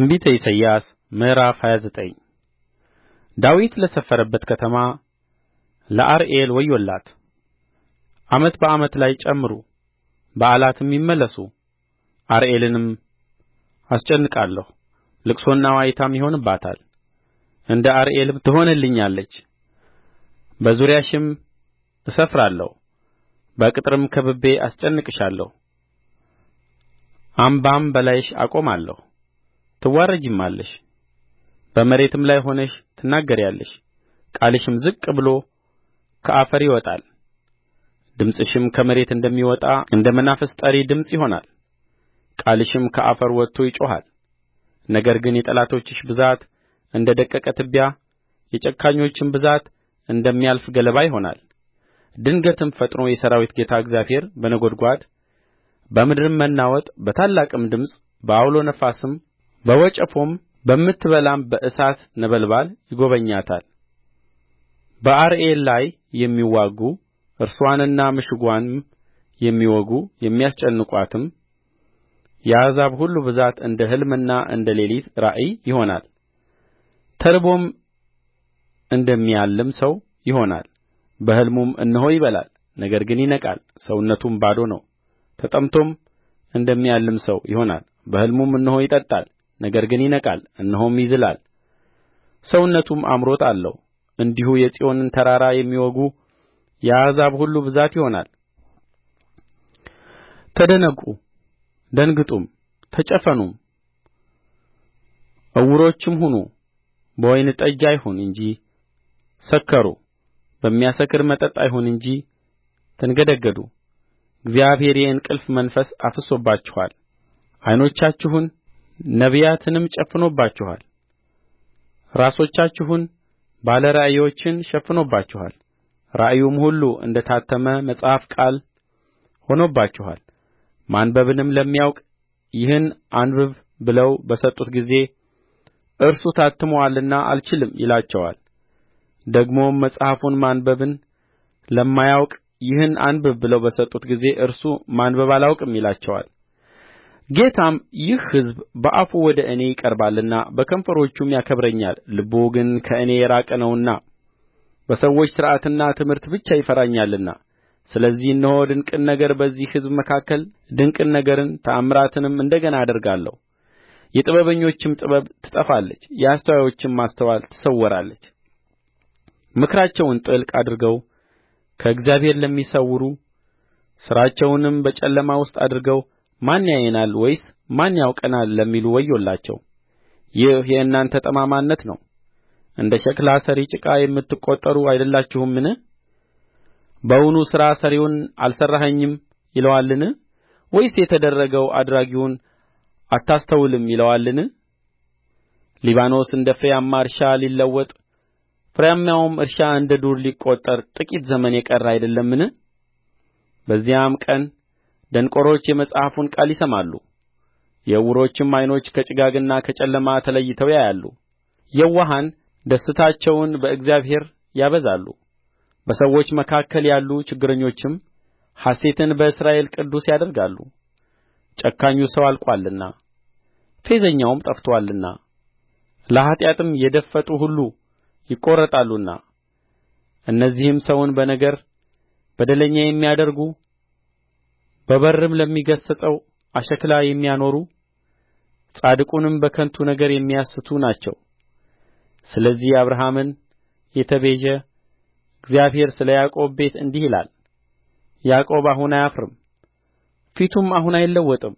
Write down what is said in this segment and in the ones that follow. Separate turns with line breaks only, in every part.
ትንቢተ ኢሳይያስ ምዕራፍ ሃያ ዘጠኝ ዳዊት ለሰፈረባት ከተማ ለአርኤል ወዮላት ዓመት በዓመት ላይ ጨምሩ በዓላትም ይመለሱ አርኤልንም አስጨንቃለሁ ልቅሶና ዋይታም ይሆንባታል እንደ አርኤልም ትሆንልኛለች በዙሪያሽም እሰፍራለሁ በቅጥርም ከብቤ አስጨንቅሻለሁ አምባም በላይሽ አቆማለሁ ትዋረጂማለሽ በመሬትም ላይ ሆነሽ ትናገሪያለሽ ቃልሽም ዝቅ ብሎ ከአፈር ይወጣል ድምፅሽም ከመሬት እንደሚወጣ እንደ መናፍስት ጠሪ ድምፅ ይሆናል ቃልሽም ከአፈር ወጥቶ ይጮኻል ነገር ግን የጠላቶችሽ ብዛት እንደ ደቀቀ ትቢያ የጨካኞችም ብዛት እንደሚያልፍ ገለባ ይሆናል ድንገትም ፈጥኖ የሠራዊት ጌታ እግዚአብሔር በነጐድጓድ በምድርም መናወጥ በታላቅም ድምፅ በዐውሎ ነፋስም በወጨፎም በምትበላም በእሳት ነበልባል ይጐበኛታል በአርኤል ላይ የሚዋጉ እርስዋንና ምሽግዋንም የሚወጉ የሚያስጨንቋትም የአሕዛብ ሁሉ ብዛት እንደ ሕልምና እንደ ሌሊት ራእይ ይሆናል ተርቦም እንደሚያልም ሰው ይሆናል በሕልሙም እነሆ ይበላል ነገር ግን ይነቃል ሰውነቱም ባዶ ነው ተጠምቶም እንደሚያልም ሰው ይሆናል በሕልሙም እነሆ ይጠጣል ነገር ግን ይነቃል እነሆም ይዝላል ሰውነቱም አምሮት አለው እንዲሁ የጽዮንን ተራራ የሚወጉ የአሕዛብ ሁሉ ብዛት ይሆናል ተደነቁ ደንግጡም ተጨፈኑም ዕውሮችም ሁኑ በወይን ጠጅ አይሁን እንጂ ሰከሩ በሚያሰክር መጠጥ አይሁን እንጂ ተንገደገዱ እግዚአብሔር የእንቅልፍ መንፈስ አፍስሶባችኋል ዓይኖቻችሁን ነቢያትንም ጨፍኖባችኋል ራሶቻችሁን ባለ ራእዮችን ሸፍኖባችኋል ራእዩም ሁሉ እንደ ታተመ መጽሐፍ ቃል ሆኖባችኋል ማንበብንም ለሚያውቅ ይህን አንብብ ብለው በሰጡት ጊዜ እርሱ ታትሞአልና አልችልም ይላቸዋል ደግሞም መጽሐፉን ማንበብን ለማያውቅ ይህን አንብብ ብለው በሰጡት ጊዜ እርሱ ማንበብ አላውቅም ይላቸዋል ጌታም ይህ ሕዝብ በአፉ ወደ እኔ ይቀርባልና በከንፈሮቹም ያከብረኛል ልቡ ግን ከእኔ የራቀ ነውና በሰዎች ሥርዓትና ትምህርት ብቻ ይፈራኛልና ስለዚህ እነሆ ድንቅን ነገር በዚህ ሕዝብ መካከል ድንቅን ነገርን ተአምራትንም እንደ ገና አደርጋለሁ የጥበበኞችም ጥበብ ትጠፋለች የአስተዋዮችም ማስተዋል ትሰወራለች ምክራቸውን ጥልቅ አድርገው ከእግዚአብሔር ለሚሰውሩ ሥራቸውንም በጨለማ ውስጥ አድርገው ማን ያየናል ወይስ ማን ያውቀናል ለሚሉ ወዮላቸው ይህ የእናንተ ጠማማነት ነው እንደ ሸክላ ሠሪ ጭቃ የምትቈጠሩ አይደላችሁምን በውኑ ሥራ ሠሪውን አልሠራኸኝም ይለዋልን ወይስ የተደረገው አድራጊውን አታስተውልም ይለዋልን ሊባኖስ እንደ ፍሬያማ እርሻ ሊለወጥ ፍሬያማውም እርሻ እንደ ዱር ሊቈጠር ጥቂት ዘመን የቀረ አይደለምን በዚያም ቀን ደንቆሮች የመጽሐፉን ቃል ይሰማሉ የዕውሮችም ዓይኖች ከጭጋግና ከጨለማ ተለይተው ያያሉ የዋሃን ደስታቸውን በእግዚአብሔር ያበዛሉ በሰዎች መካከል ያሉ ችግረኞችም ሐሤትን በእስራኤል ቅዱስ ያደርጋሉ ጨካኙ ሰው አልቆአልና ፌዘኛውም ጠፍቶአልና ለኃጢአትም የደፈጡ ሁሉ ይቈረጣሉና እነዚህም ሰውን በነገር በደለኛ የሚያደርጉ በበርም ለሚገሥጸው አሽክላ የሚያኖሩ ጻድቁንም በከንቱ ነገር የሚያስቱ ናቸው ስለዚህ አብርሃምን የተቤዠ እግዚአብሔር ስለ ያዕቆብ ቤት እንዲህ ይላል ያዕቆብ አሁን አያፍርም ፊቱም አሁን አይለወጥም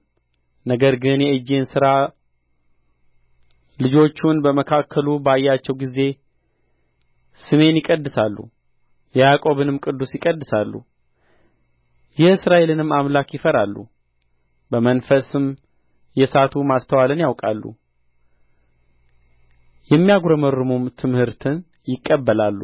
ነገር ግን የእጄን ሥራ ልጆቹን በመካከሉ ባያቸው ጊዜ ስሜን ይቀድሳሉ የያዕቆብንም ቅዱስ ይቀድሳሉ የእስራኤልንም አምላክ ይፈራሉ በመንፈስም የሳቱ ማስተዋልን ያውቃሉ የሚያጕረመርሙም ትምህርትን ይቀበላሉ